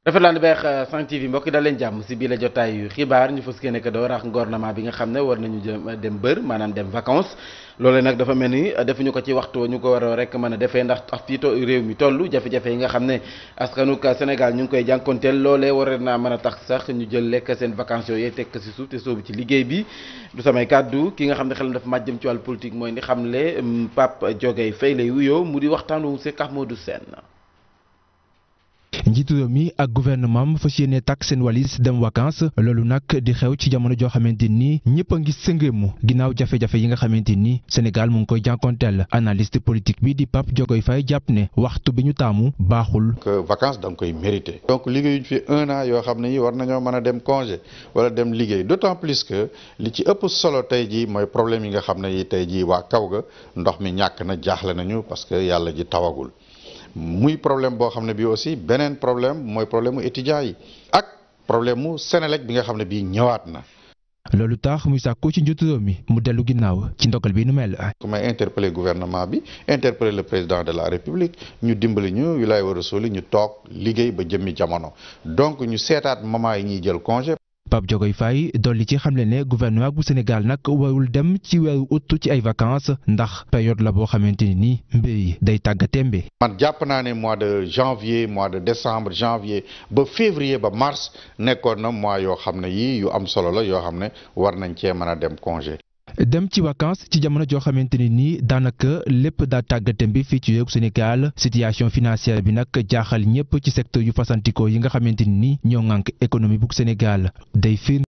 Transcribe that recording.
rafetlaan di beex euh, Sen TV mbokk da leen jàmm si biir la jotaayu xibaar ñu fas yéene ko door ak gouvernement bi nga xam ne war nañu jëm dem bër maanaam dem vacances loole nag dafa mel ni defuñu ko ci waxtu ñu ko war rek mën a ndax ak réew mi toll jafe-jafe yi nga xam ne askanu Sénégal ñu ngi koy jànkonteel loolee war naa mën a tax sax ñu jël lekk seen vacances yooyu tekk si suuf te soobu ci liggéey bi du samay kàddu ki nga xam ne xelam dafa màjjëm ci wàll politique mooy ni xam le mm, Pape Diogueye Faye lay wuyoo mu di waxtaanu si Modou Sène njiitu réew mi ak gouvernement am fas yéene takk seen walis dem vacances loolu nag di xew ci jamono joo xamante ni ñëpp a ngi sëngéemu ginnaaw jafe-jafe yi nga xamante ni Sénégal mu ngi koy jànkonteel analyste politique bi di Pape Diogoy fay jàpp ne waxtu bi ñu taamu baaxul. que vacances da koy mérité. donc liggéeyuñ fi un an yoo xam ne yi war nañoo mën a dem congé wala dem liggéey d'autant plus que li ci ëpp solo tey jii mooy problème yi nga xam ne yi tey jii waa kaw ga ndox mi ñàkk na jaaxle nañu parce que yàlla ji tawagul. muy problème boo xam ne bii aussi beneen problème mooy problème mu étudiants yi ak problème mu Sénélec bi nga xam ne bii ñëwaat na. loolu tax muy sàkku ci njiitu réew mi mu dellu ginnaaw ci ndogal bi nu mel. ku may interpeller gouvernement bi interpeller le président de la république ñu dimbali ñu wilaay war a soli ñu toog liggéey ba jëmmi jamono donc ñu seetaat moment yi ñuy jël congé. Pape Diogoy Faye dolli ci xamle ne gouvernement bu Sénégal nag warul dem ci weeru ut ci ay vacances ndax période la boo xamante ni nii mbéy day bi man jàpp naa ne mois de janvier mois de décembre janvier ba février ba mars nekkoon na mois yoo xam ne yii yu am solo la yoo xam ne war nañ cee mën a dem congé. dem ci vacances ci jamono joo xamante ne nii daanaka lépp daa tàggatem bi fii ci réew Sénégal situation financière bi nag jaaxal ñëpp ci secteur yu fasantikoo yi nga xamante ni ñoo ŋànk économie bu Sénégal day firnde